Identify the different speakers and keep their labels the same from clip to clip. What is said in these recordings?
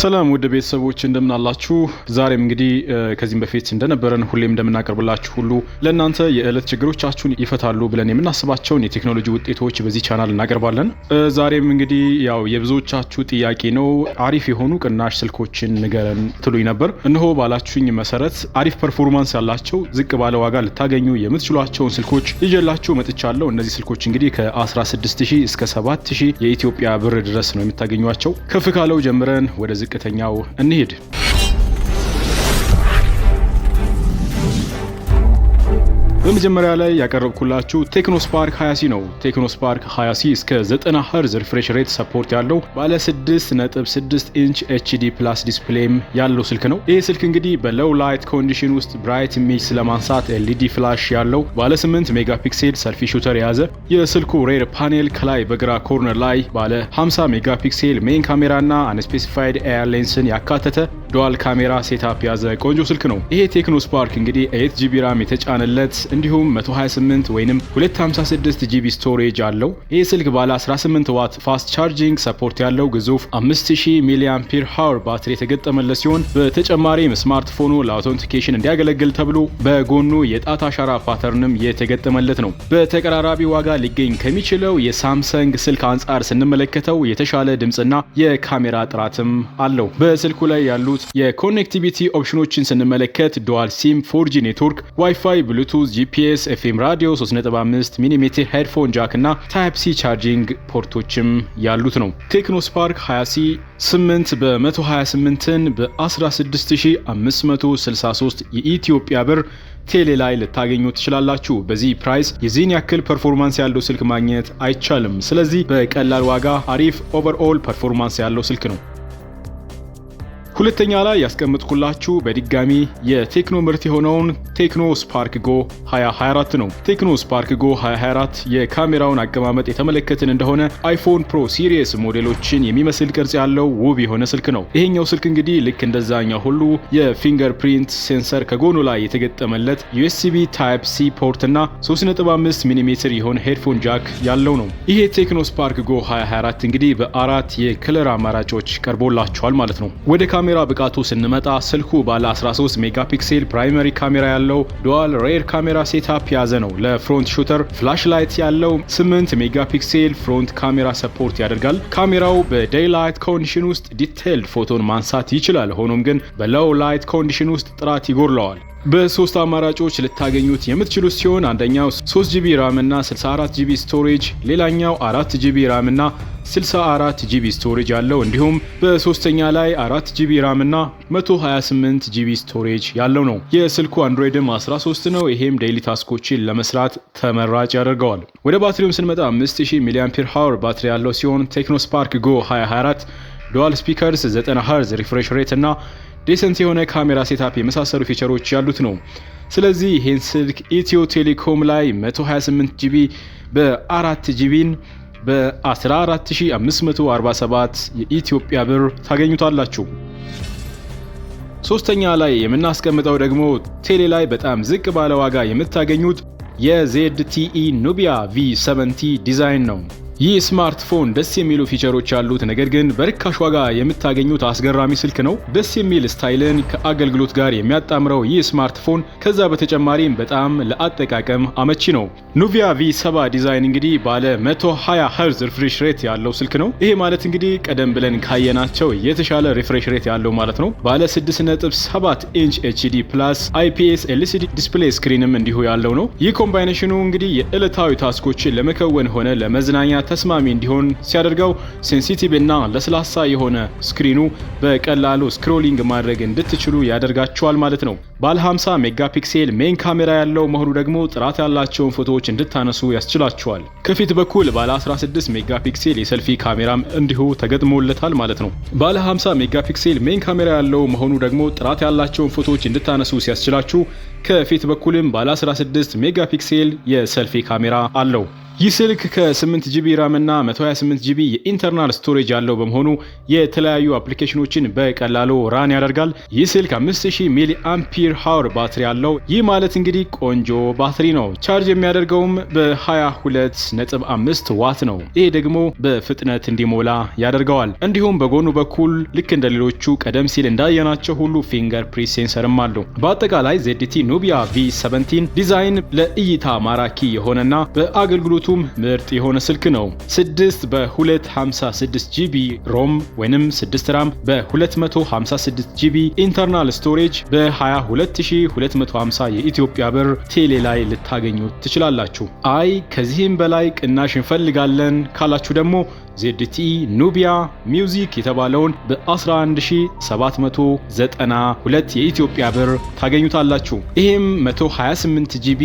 Speaker 1: ሰላም ውድ ቤተሰቦች እንደምናላችሁ ዛሬም እንግዲህ ከዚህም በፊት እንደነበረን ሁሌም እንደምናቀርብላችሁ ሁሉ ለእናንተ የዕለት ችግሮቻችሁን ይፈታሉ ብለን የምናስባቸውን የቴክኖሎጂ ውጤቶች በዚህ ቻናል እናቀርባለን። ዛሬም እንግዲህ ያው የብዙዎቻችሁ ጥያቄ ነው፣ አሪፍ የሆኑ ቅናሽ ስልኮችን ንገረን ትሉኝ ነበር። እነሆ ባላችሁኝ መሰረት አሪፍ ፐርፎርማንስ ያላቸው ዝቅ ባለ ዋጋ ልታገኙ የምትችሏቸውን ስልኮች ይዤላችሁ መጥቻለሁ። እነዚህ ስልኮች እንግዲህ ከ16000 እስከ 7000 የኢትዮጵያ ብር ድረስ ነው የምታገኟቸው። ከፍ ካለው ጀምረን ወደ ዝቅተኛው እንሂድ። በመጀመሪያ ላይ ያቀረብኩላችሁ ቴክኖስፓርክ 20 ሲ ነው። ቴክኖስፓርክ 20 ሲ እስከ 90 ሄርዝ ሪፍሬሽ ሬት ሰፖርት ያለው ባለ 6.6 ኢንች ኤችዲ ፕላስ ዲስፕሌይም ያለው ስልክ ነው። ይህ ስልክ እንግዲህ በሎው ላይት ኮንዲሽን ውስጥ ብራይት ኢሜጅ ለማንሳት ኤልኢዲ ፍላሽ ያለው ባለ 8 ሜጋፒክሴል ሰልፊ ሹተር የያዘ የስልኩ ሬር ፓኔል ከላይ በግራ ኮርነር ላይ ባለ 50 ሜጋፒክሴል ሜን ካሜራና አንስፔሲፋይድ ኤር ሌንስን ያካተተ ዱዋል ካሜራ ሴታፕ የያዘ ቆንጆ ስልክ ነው። ይሄ ቴክኖ ስፓርክ እንግዲህ 8 ጂቢ ራም የተጫነለት እንዲሁም 128 ወይም 256 ጂቢ ስቶሬጅ አለው። ይህ ስልክ ባለ 18 ዋት ፋስት ቻርጂንግ ሰፖርት ያለው ግዙፍ 5000 ሚሊ ሃወር ባትሪ የተገጠመለት ሲሆን በተጨማሪም ስማርትፎኑ ለአውቶንቲኬሽን እንዲያገለግል ተብሎ በጎኑ የጣት አሻራ ፓተርንም የተገጠመለት ነው። በተቀራራቢ ዋጋ ሊገኝ ከሚችለው የሳምሰንግ ስልክ አንጻር ስንመለከተው የተሻለ ድምፅና የካሜራ ጥራትም አለው። በስልኩ ላይ ያሉት የኮኔክቲቪቲ ኦፕሽኖችን ስንመለከት ዱዋል ሲም፣ ፎርጂ ኔትወርክ፣ ዋይፋይ፣ ብሉቱዝ፣ ጂፒኤስ፣ ኤፍኤም ራዲዮ፣ 3.5 ሚሜ ሄድፎን ጃክ እና ታይፕ ሲ ቻርጂንግ ፖርቶችም ያሉት ነው። ቴክኖ ስፓርክ 20ሲ 8 በ 128 በ16563 የኢትዮጵያ ብር ቴሌ ላይ ልታገኙ ትችላላችሁ። በዚህ ፕራይስ የዚህን ያክል ፐርፎርማንስ ያለው ስልክ ማግኘት አይቻልም። ስለዚህ በቀላል ዋጋ አሪፍ ኦቨርኦል ፐርፎርማንስ ያለው ስልክ ነው። ሁለተኛ ላይ ያስቀምጥኩላችሁ በድጋሚ የቴክኖ ምርት የሆነውን ቴክኖ ስፓርክ ጎ 2024 ነው። ቴክኖ ስፓርክ ጎ 2024 የካሜራውን አቀማመጥ የተመለከትን እንደሆነ አይፎን ፕሮ ሲሪየስ ሞዴሎችን የሚመስል ቅርጽ ያለው ውብ የሆነ ስልክ ነው። ይሄኛው ስልክ እንግዲህ ልክ እንደዛኛው ሁሉ የፊንገር ፕሪንት ሴንሰር ከጎኑ ላይ የተገጠመለት ዩኤስቢ ታይፕ ሲ ፖርት እና 3.5 ሚሜ የሆነ ሄድፎን ጃክ ያለው ነው። ይሄ ቴክኖ ስፓርክ ጎ 2024 እንግዲህ በአራት የክለር አማራጮች ቀርቦላችኋል ማለት ነው ወደ ካሜራ ብቃቱ ስንመጣ ስልኩ ባለ 13 ሜጋፒክሴል ፕራይመሪ ካሜራ ያለው ዱዋል ሬር ካሜራ ሴታፕ የያዘ ነው። ለፍሮንት ሹተር ፍላሽ ላይት ያለው 8 ሜጋፒክሴል ፍሮንት ካሜራ ሰፖርት ያደርጋል። ካሜራው በዴይላይት ኮንዲሽን ውስጥ ዲቴይልድ ፎቶን ማንሳት ይችላል። ሆኖም ግን በሎው ላይት ኮንዲሽን ውስጥ ጥራት ይጎድለዋል። በሶስት አማራጮች ልታገኙት የምትችሉት ሲሆን አንደኛው 3 ጂቢ ራም እና 64 ጂቢ ስቶሬጅ፣ ሌላኛው 4 ጂቢ ራም እና 64 ጂቢ ስቶሬጅ ያለው እንዲሁም በሶስተኛ ላይ 4 ጂቢ ራም እና 128 ጂቢ ስቶሬጅ ያለው ነው። የስልኩ አንድሮይድም 13 ነው። ይሄም ዴይሊ ታስኮችን ለመስራት ተመራጭ ያደርገዋል። ወደ ባትሪውም ስንመጣ 5000 ሚሊአምፒር አምፒር ሃወር ባትሪ ያለው ሲሆን ቴክኖ ስፓርክ ጎ 224 ዱዋል ስፒከርስ 90 ሄርዝ ሪፍሬሽ ሬት እና ዴሰንት የሆነ ካሜራ ሴታፕ የመሳሰሉ ፊቸሮች ያሉት ነው። ስለዚህ ይህን ስልክ ኢትዮ ቴሌኮም ላይ 128 ጂቢ በ4 ጂቢን በ14547 የኢትዮጵያ ብር ታገኙታላችሁ። ሶስተኛ ላይ የምናስቀምጠው ደግሞ ቴሌ ላይ በጣም ዝቅ ባለ ዋጋ የምታገኙት የዜድ ቲኢ ኑቢያ ቪ70 ዲዛይን ነው። ይህ ስማርትፎን ደስ የሚሉ ፊቸሮች ያሉት ነገር ግን በርካሽ ዋጋ የምታገኙት አስገራሚ ስልክ ነው። ደስ የሚል ስታይልን ከአገልግሎት ጋር የሚያጣምረው ይህ ስማርትፎን ከዛ በተጨማሪም በጣም ለአጠቃቀም አመቺ ነው። ኑቪያ ቪ 7 ዲዛይን እንግዲህ ባለ 120 ሄርዝ ሪፍሬሽ ሬት ያለው ስልክ ነው። ይሄ ማለት እንግዲህ ቀደም ብለን ካየናቸው የተሻለ ሪፍሬሽ ሬት ያለው ማለት ነው። ባለ 6.7 ኢንች ኤችዲ ፕላስ አይፒኤስ ኤልሲዲ ዲስፕሌይ ስክሪንም እንዲሁ ያለው ነው። ይህ ኮምባይኔሽኑ እንግዲህ የዕለታዊ ታስኮችን ለመከወን ሆነ ለመዝናኛ ተስማሚ እንዲሆን ሲያደርገው ሴንሲቲቭ እና ለስላሳ የሆነ ስክሪኑ በቀላሉ ስክሮሊንግ ማድረግ እንድትችሉ ያደርጋቸዋል ማለት ነው። ባለ 50 ሜጋፒክሴል ሜን ካሜራ ያለው መሆኑ ደግሞ ጥራት ያላቸውን ፎቶዎች እንድታነሱ ያስችላቸዋል። ከፊት በኩል ባለ 16 ሜጋፒክሴል የሰልፊ ካሜራም እንዲሁ ተገጥሞለታል ማለት ነው። ባለ 50 ሜጋፒክሴል ሜን ካሜራ ያለው መሆኑ ደግሞ ጥራት ያላቸውን ፎቶዎች እንድታነሱ ሲያስችላችሁ ከፊት በኩልም ባለ 16 ሜጋፒክሴል የሰልፊ ካሜራ አለው። ይህ ስልክ ከ8 ጂቢ ራም እና 128 ጂቢ የኢንተርናል ስቶሬጅ ያለው በመሆኑ የተለያዩ አፕሊኬሽኖችን በቀላሉ ራን ያደርጋል። ይህ ስልክ 5000 ሚሊ አምፒር ሃወር ባትሪ አለው ይህ ማለት እንግዲህ ቆንጆ ባትሪ ነው። ቻርጅ የሚያደርገውም በ22.5 ዋት ነው። ይሄ ደግሞ በፍጥነት እንዲሞላ ያደርገዋል። እንዲሁም በጎኑ በኩል ልክ እንደ ሌሎቹ ቀደም ሲል እንዳየናቸው ሁሉ ፊንገር ፕሪ ሴንሰርም አለው። በአጠቃላይ ዜዲቲ ኑቢያ ቪ17 ዲዛይን ለእይታ ማራኪ የሆነና በአገልግሎት በፍቱም ምርጥ የሆነ ስልክ ነው። 6 በ256 ጂቢ ሮም ወይም 6 ራም በ256 ጂቢ ኢንተርናል ስቶሬጅ በ22250 የኢትዮጵያ ብር ቴሌ ላይ ልታገኙ ትችላላችሁ። አይ ከዚህም በላይ ቅናሽ እንፈልጋለን ካላችሁ ደግሞ ዜድቲ ኑቢያ ሚውዚክ የተባለውን በ11792 የኢትዮጵያ ብር ታገኙታላችሁ። ይህም 128 ጂቢ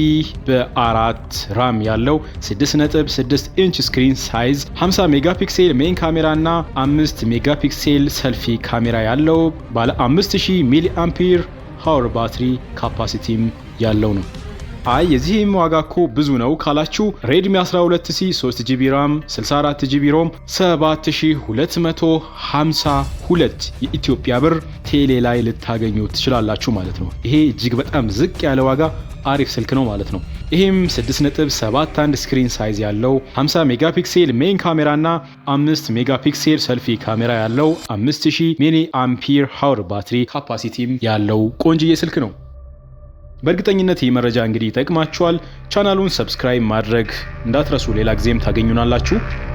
Speaker 1: በአራት ራም ያለው 6 6.6 ኢንች ስክሪን ሳይዝ 50 ሜጋፒክሴል ሜን ካሜራና 5 ሜጋፒክሴል ሰልፊ ካሜራ ያለው ባለ 5000 ሚሊ አምፒር ሃወር ባትሪ ካፓሲቲም ያለው ነው። አይ የዚህም ዋጋ እኮ ብዙ ነው ካላችሁ ሬድሚ 12 ሲ 3 ጂቢ ራም 64 ጂቢ ሮም 7252 የኢትዮጵያ ብር ቴሌ ላይ ልታገኙ ትችላላችሁ ማለት ነው። ይሄ እጅግ በጣም ዝቅ ያለ ዋጋ አሪፍ ስልክ ነው ማለት ነው። ይህም 6.71 ስክሪን ሳይዝ ያለው 50 ሜጋፒክሴል ሜን ካሜራ ካሜራና 5 ሜጋፒክሴል ሰልፊ ካሜራ ያለው 5000 ሚሊ አምፒር ሀውር ባትሪ ካፓሲቲም ያለው ቆንጅዬ ስልክ ነው። በእርግጠኝነት ይህ መረጃ እንግዲህ ይጠቅማችኋል። ቻናሉን ሰብስክራይብ ማድረግ እንዳትረሱ። ሌላ ጊዜም ታገኙናላችሁ።